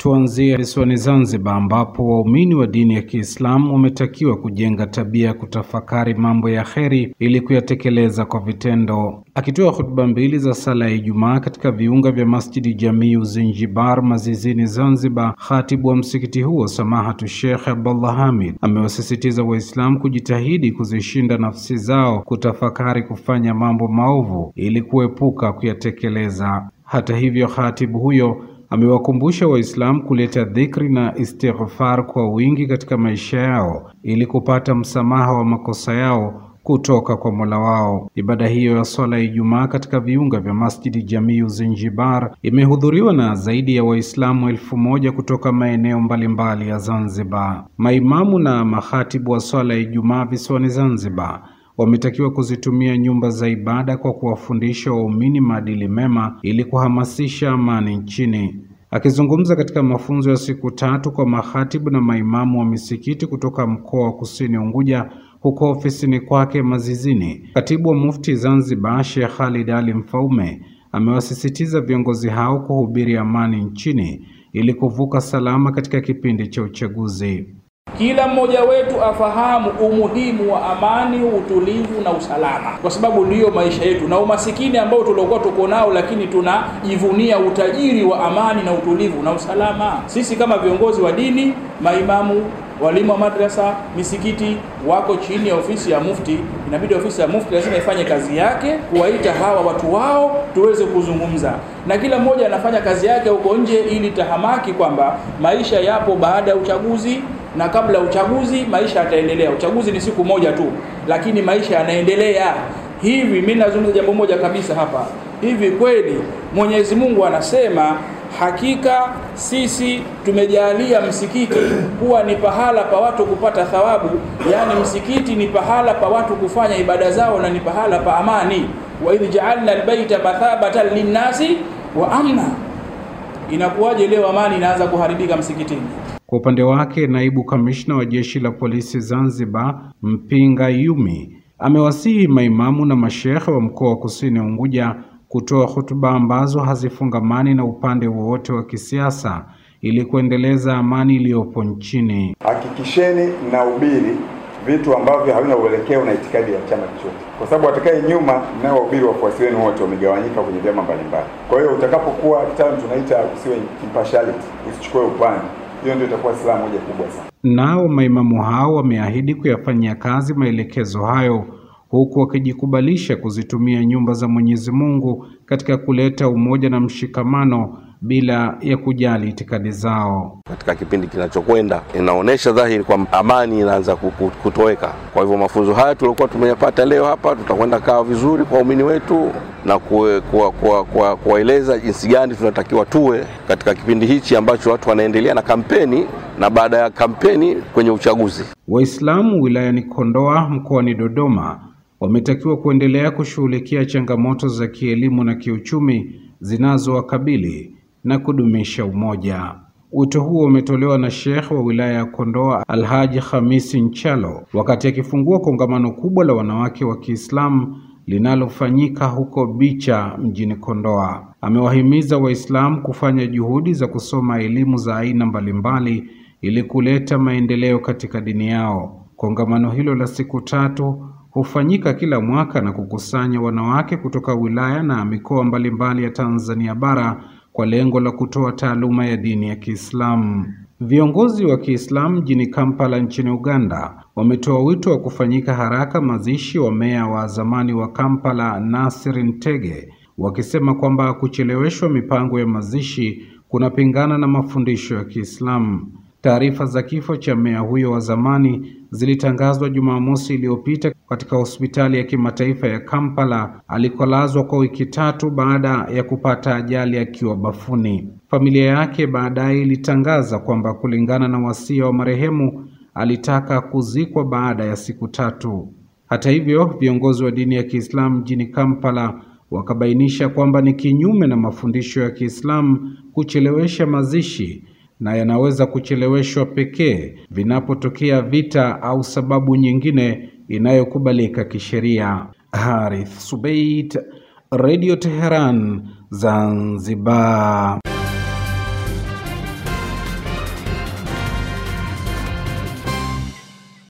Tuanzie visiwani Zanzibar ambapo waumini wa dini ya Kiislamu wametakiwa kujenga tabia ya kutafakari mambo ya kheri ili kuyatekeleza kwa vitendo. Akitoa hotuba mbili za sala ya Ijumaa katika viunga vya Masjidi Jamiu Zinjibar Mazizini Zanzibar, khatibu wa msikiti huo Samahatu Sheikh Abdullah Hamid amewasisitiza Waislamu kujitahidi kuzishinda nafsi zao kutafakari kufanya mambo maovu ili kuepuka kuyatekeleza. Hata hivyo, khatibu huyo Amewakumbusha Waislamu kuleta dhikri na istighfar kwa wingi katika maisha yao ili kupata msamaha wa makosa yao kutoka kwa Mola wao. Ibada hiyo ya swala ya Ijumaa katika viunga vya Masjidi Jamiu Zinjibar imehudhuriwa na zaidi ya Waislamu elfu moja kutoka maeneo mbalimbali ya Zanzibar. Maimamu na mahatibu wa swala ya Ijumaa visiwani Zanzibar wametakiwa kuzitumia nyumba za ibada kwa kuwafundisha waumini maadili mema ili kuhamasisha amani nchini. Akizungumza katika mafunzo ya siku tatu kwa mahatibu na maimamu wa misikiti kutoka mkoa wa Kusini Unguja huko ofisini kwake Mazizini, katibu wa Mufti Zanzibar Sheikh Khalid Ali Mfaume amewasisitiza viongozi hao kuhubiri amani nchini ili kuvuka salama katika kipindi cha uchaguzi kila mmoja wetu afahamu umuhimu wa amani, utulivu na usalama, kwa sababu ndiyo maisha yetu, na umasikini ambao tuliokuwa tuko nao, lakini tunajivunia utajiri wa amani na utulivu na usalama. Sisi kama viongozi wa dini, maimamu, walimu wa madrasa, misikiti wako chini ya ofisi ya mufti. Inabidi ofisi ya mufti lazima ifanye kazi yake, kuwaita hawa watu wao tuweze kuzungumza, na kila mmoja anafanya kazi yake huko nje, ili tahamaki kwamba maisha yapo baada ya uchaguzi na kabla uchaguzi maisha yataendelea. Uchaguzi ni siku moja tu, lakini maisha yanaendelea hivi. Mimi nazungumza jambo moja kabisa hapa, hivi kweli Mwenyezi Mungu anasema hakika sisi tumejalia msikiti kuwa ni pahala pa watu kupata thawabu, yaani msikiti ni pahala pa watu kufanya ibada zao na ni pahala pa amani. wa idh jaalna albayta mathabatan linnasi wa amna. Inakuwaje leo amani inaanza kuharibika msikitini? Kwa upande wake, naibu kamishna wa jeshi la polisi Zanzibar, Mpinga Yumi, amewasihi maimamu na mashehe wa mkoa wa Kusini Unguja kutoa hotuba ambazo hazifungamani na upande wowote wa kisiasa ili kuendeleza amani iliyopo nchini. Hakikisheni na ubiri vitu ambavyo havina uelekeo na itikadi ya chama chochote, kwa sababu watakaye nyuma mnaowahubiri wafuasi wenu wote wamegawanyika kwenye vyama mbalimbali. Kwa hiyo utakapokuwa kitabu tunaita usiwe impartiality, usichukue upande hiyo ndio itakuwa silaha moja kubwa sana. Nao maimamu hao wameahidi kuyafanyia kazi maelekezo hayo huku wakijikubalisha kuzitumia nyumba za Mwenyezi Mungu katika kuleta umoja na mshikamano bila ya kujali itikadi zao. Katika kipindi kinachokwenda, inaonyesha dhahiri kwamba amani inaanza kutoweka. Kwa hivyo mafunzo haya tuliokuwa tumeyapata leo hapa, tutakwenda kaa vizuri kwa waumini wetu na kuwaeleza jinsi gani tunatakiwa tuwe katika kipindi hichi ambacho watu wanaendelea na kampeni na baada ya kampeni kwenye uchaguzi. Waislamu wilayani Kondoa mkoani Dodoma wametakiwa kuendelea kushughulikia changamoto za kielimu na kiuchumi zinazowakabili na kudumisha umoja. Wito huo umetolewa na Sheikh wa wilaya ya Kondoa Alhaji Hamisi Nchalo wakati akifungua kongamano kubwa la wanawake wa Kiislamu linalofanyika huko Bicha mjini Kondoa. Amewahimiza Waislamu kufanya juhudi za kusoma elimu za aina mbalimbali ili kuleta maendeleo katika dini yao. Kongamano hilo la siku tatu hufanyika kila mwaka na kukusanya wanawake kutoka wilaya na mikoa mbalimbali ya Tanzania bara kwa lengo la kutoa taaluma ya dini ya Kiislamu. Viongozi wa Kiislamu jini Kampala nchini Uganda wametoa wito wa kufanyika haraka mazishi wa meya wa zamani wa Kampala Nasir Ntege, wakisema kwamba kucheleweshwa mipango ya mazishi kunapingana na mafundisho ya Kiislamu. Taarifa za kifo cha meya huyo wa zamani zilitangazwa Jumamosi iliyopita katika hospitali ya kimataifa ya Kampala alikolazwa kwa wiki tatu baada ya kupata ajali akiwa bafuni. Familia yake baadaye ilitangaza kwamba kulingana na wasia wa marehemu alitaka kuzikwa baada ya siku tatu. Hata hivyo, viongozi wa dini ya Kiislamu mjini Kampala wakabainisha kwamba ni kinyume na mafundisho ya Kiislamu kuchelewesha mazishi na yanaweza kucheleweshwa pekee vinapotokea vita au sababu nyingine inayokubalika kisheria. Harith Subait, Radio Teheran, Zanzibar.